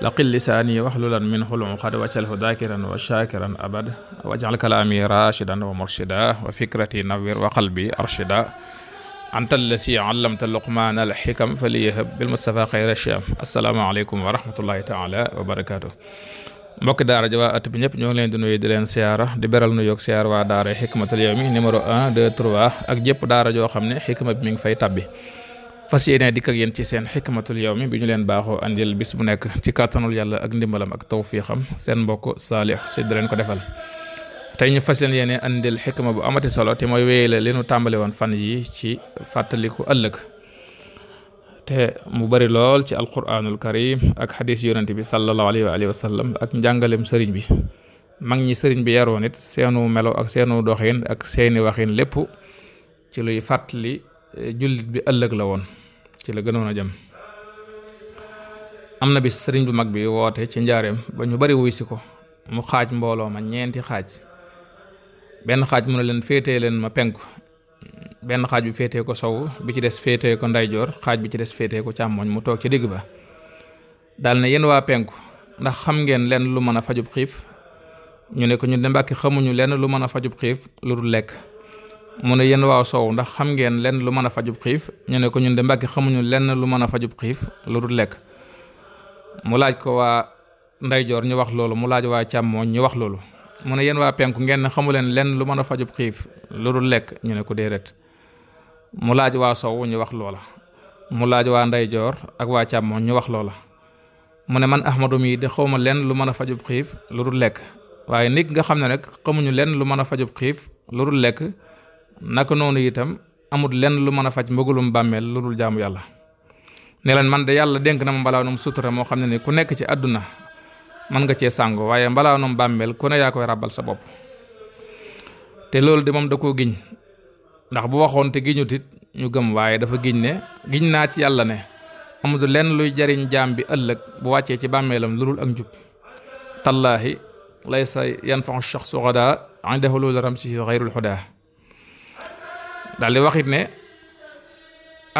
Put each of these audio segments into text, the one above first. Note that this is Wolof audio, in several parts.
laqil lisaani waxlulan min xulum xad wacalhu dakiran wa shakiran abad wajal kalaami rashidan wa murshida wa fikrati nawir wa qalbi arshida anta allasi allamta luqmaana alxikam faliyahab bilmustafa xayra sham asalaamaaleykum wa rahmatullahi taala wa barakaatu mbokki daara ja waa bi ñëpp ñoo ngi leen di nuyu di leen siyaara di beral nu yoog siyaar waa daara xikmatul yawmi numéro 1 2 ak jëpp daara joo xam ne xikma bi mi fay tabbi fas yéene dikk ak yéen ci seen xikmatul yawmi bi ñu leen baaxoo andil bis bu nekk ci kàttanul yàlla ak ndimbalam ak tawfiixam seen mbokk Saalix si da leen ko defal tey ñu fas leen yéene andil xikma bu amati solo te mooy wéyale li nu tàmbali woon fan yi ci fàttaliku ëllëg te mu bari lool ci alquranul karim ak xadis yonent bi sallallahu alayhi wa alihi wa sallam ak njàngaleem sëriñ bi mag ñi sëriñ bi yaroon it seenu melo ak seenu doxin ak seeni waxin lépp ci luy fàttali jullit bi ëllëg la woon ci la gënoon a jëm am na bis sëriñ bu mag bi woote ci njaareem ba ñu bari wuy si ko mu xaaj mbooloo ma ñeenti xaaj benn xaaj mu ne leen féete leen ma penku benn xaaj bi féete ko sow bi ci des féete ko ndeyjoor xaaj bi ci des féete ko càmmooñ mu toog ci digg ba dal ne yéen waa penku ndax xam ngeen lenn lu mën a fajub xiif ñu ne ko ñu de mbàkki xamuñu lenn lu mën a fajub xiif lu dul lekk mu ne yenn waaw soow ndax xam ngeen lenn lu mën a fajub xiif ñu ne ko ñun de xamuñu lenn lu mën a fajub xiif lu dul lekk mu laaj ko waa ndeyjoor ñu wax loolu mu laaj waa càmmooñ ñu wax loolu mu ne yéen waa penku ngeen xamu leen lenn lu mën a fajub xiif lu lekk ñu ne ko déedéet mu laaj waa soow ñu wax loola mu laaj waa ndeyjoor ak waa càmmooñ ñu wax loola mu ne man ahmadu mii de xawma lenn lu mën a fajub xiif lu dul lekk waaye nit nga xam ne rek xamuñu lenn lu mën a fajub xiif lu dul lekk naka noonu itam amut lenn lu mën a faj mbëggalum bàmmeel lu dul jaamu yàlla ne leen man de yàlla dénk na ma mbalaanum sutura moo xam ne ni ku nekk ci àdduna mën nga cee sàngo waaye mbalaanum bàmmeel ku ne yaa koy ràbbal sa bopp te loolu de moom da koo giñ ndax bu waxoon te giñut it ñu gëm waaye dafa giñ ne giñ naa ci yàlla ne amul lenn luy jariñ jaam bi ëllëg bu wàccee ci bàmmeelam lu dul ak njub tallaahi laysa yanfau shaxsu gadaa inda hulul ramsihi gayrul hudaa daal di waxit ne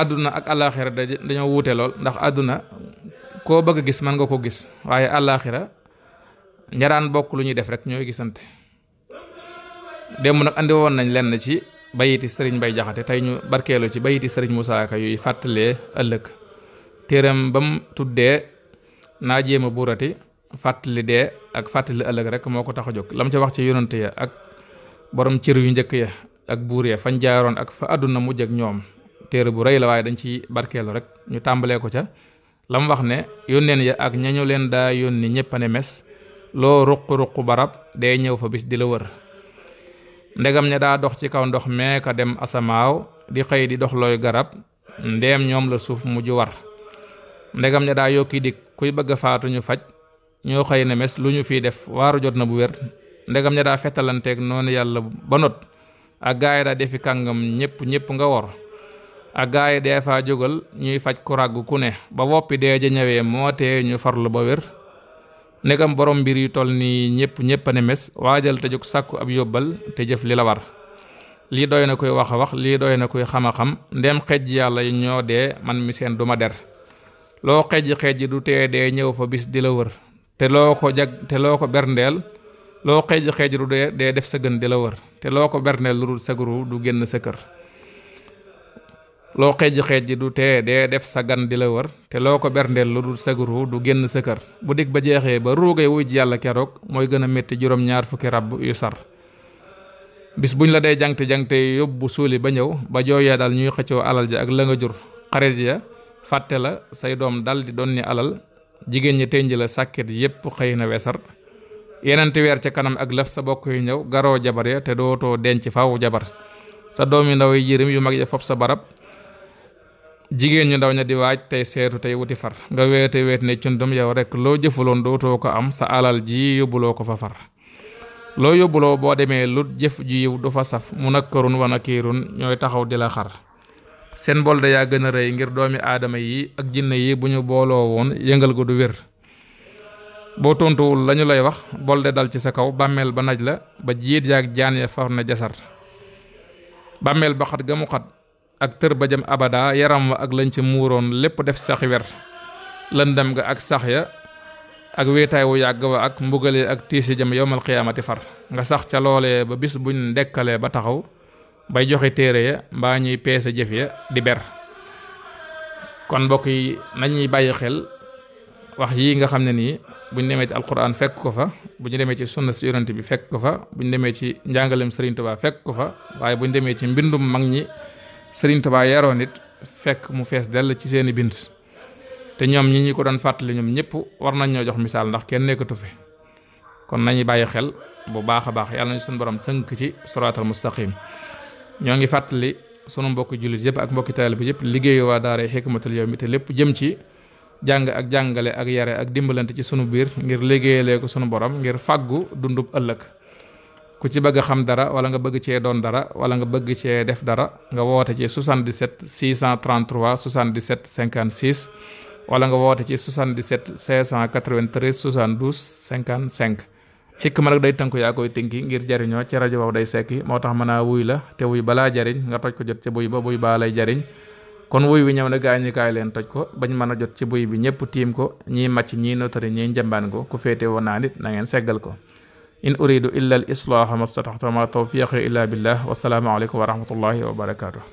àdduna ak àllaaxira dañoo wuute lool ndax àdduna koo bëgg gis mën nga ko gis waaye àllaaxira njaraan bokk lu ñuy def rek ñooy gisante démb nag andi woon nañ lenn ci bayiti sëriñ Mbay Jaxate tey ñu barkeelu ci bayiti sëriñ Musaa Ka yuy fàttalee ëllëg téeram ba mu tuddee naa jéem a buurati fàttali dee ak fàttali ëllëg rek moo ko tax a jóg lam ci wax ci yonante ya ak boroom cër yu njëkk ya ak buur ya fañ jaaroon ak fa àdduna mujj ak ñoom téere bu rëy la waaye dañ ci barkeelu rek ñu tàmbalee ko ca lam wax ne yónneen ya ak ñañu leen daa yónni ñëpp a ne mes loo ruq-ruq barab day ñëw fa bis di la wër ndegam ña daa dox ci kaw ndox mee ka dem asamaaw di xëy di dox looy garab ndeem ñoom la suuf mujj war ndegam ña daa yokki dik kuy bëgg a faatu ñu faj ñoo xëy ne mes lu ñu fi def waaru jot na bu wér ndegam ña daa fettalanteeg noonu yàlla ak gaa yi daa defi kàngam ñépp ñëpp nga wor a gaa yi dee faa jógal ñuy faj ku ràgg ku ne ba woppi dee ja ñëwee moo tee ñu farlu ba wér ndegam borom mbir yu toll nii ñëpp ñëpp a ne mes waajal te jóg sàkku ab yóbbal te jëf li la war lii doy na koy wax wax lii doy na koy xam a xam ndem xej yàlla ñoo dee man mi seen duma der loo xejji xejji du tee dee ñëw fa bis di la wër te loo ko jag te loo ko berndeel loo xejji xejji du dee dee def sa gën di la wër te loo ko berneel lu dul sagaru du génn sa kër loo xeej xeej ji du te dee def sa gan di la wër te loo ko berndeel lu dul sagaru du génn sa kër bu dig ba jeexee ba ruugay wuy ji yàlla keroog mooy gën a métti juróom ñaar fukki ràbb yu sar bis buñ la dee jangte jangte yóbbu suuli ba ñëw ba jooyee daal ñuy xëccoo alal ji ak la nga jur xarit ya fàtte la say doom dal di doon alal jigéen ñi tënj la sàkket yépp xëy na wesar yenenti weer ca kanam ak lëf sa bokk yu ñëw garoo jabar ya te dootoo denc faw jabar sa doomi ndaw yi jirim yu mag ya fopp sa barab jigéen ñu ndaw ña di waaj tey seetu tey wuti far nga weete weet ne cundum yow rek loo jëfuloon dootoo ko am sa alal ji yóbbuloo ko fa far loo yóbbuloo boo demee lu jëf ji yiw du fa saf mu nakkarun wan akiirun ñooy taxaw di la xar seen bolde yaa gën a rëy ngir doomi aadama yi ak jinne yi bu ñu booloo woon yëngal du wér boo tontuwul lañu lay wax bol dal ci sa kaw bàmmeel ba naj la ba jiit yaag jaan ya far na jasar bàmmeel ba xat ga mu xat ak tër ba jëm abada yaram wa ak lañ ci muuroon lépp def saxi wer lëndam ga ak sax ya ak wéetaay wu yàgg wa ak mbugale ak tiis yi jëm yowmal xiyaamati far nga sax ca loolee ba bis bu ndekkalee ba taxaw bay joxe téere ya mbaa ñuy peese jëf ya di ber kon mbokk yi nañuy bàyyi xel wax yii nga xam ne nii bu ñu demee ci alquran fekk ko fa bu ñu demee ci sunna si yonent bi fekk ko fa bu ñu demee ci njàngalem Serigne Touba fekk ko fa waaye bu ñu demee ci mbindum mag ñi Serigne Touba yaroon nit fekk mu fees dell ci seeni bind te ñoom ñi ñu ko doon fàttali ñoom ñëpp war nañ ñoo jox misaal ndax kenn nekkatu fi kon nañu bàyyi xel bu baax a baax yàlla nañu suñu borom sënk ci siraatal mustaqim ñoo ngi fàttali sunu mbokki jullit yëpp ak mbokki taalibe bi yëpp liggéeyu waa daaray Hikmatul Yawmi te lépp jëm ci jàng ak jàngale ak yare ak dimbalante ci sunu biir ngir liggéeyalee ko sunu borom ngir fàggu dundub ëllëg ku ci bëgg xam dara wala nga bëgg cee doon dara wala nga bëgg cee def dara nga woote ci 77 633 77 56 wala nga woote ci 77 693 72 55. xikma nag day tënku yaa koy tënki ngir jariñoo ci rajo boobu day sekki moo tax mën a wuy la te wuy balaa jariñ nga toj ko jot ci buy ba baa lay jariñ kon wuy wi ñëw na gaa ñi kaay leen toj ko bañ mën a jot ci buy bi ñëpp tiim ko ñii màcc ñii notari ñii njambaan ko ku féete woon naa nit na seggal ko in uridu illa al islaaha mastataxta a tawfiqi illa billah wasalaamu aleykum wa rahmatullahi a barakatuh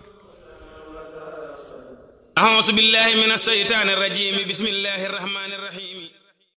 أعوذ بالله من الشيطان الرجيم بسم الله الرحمن الرحيم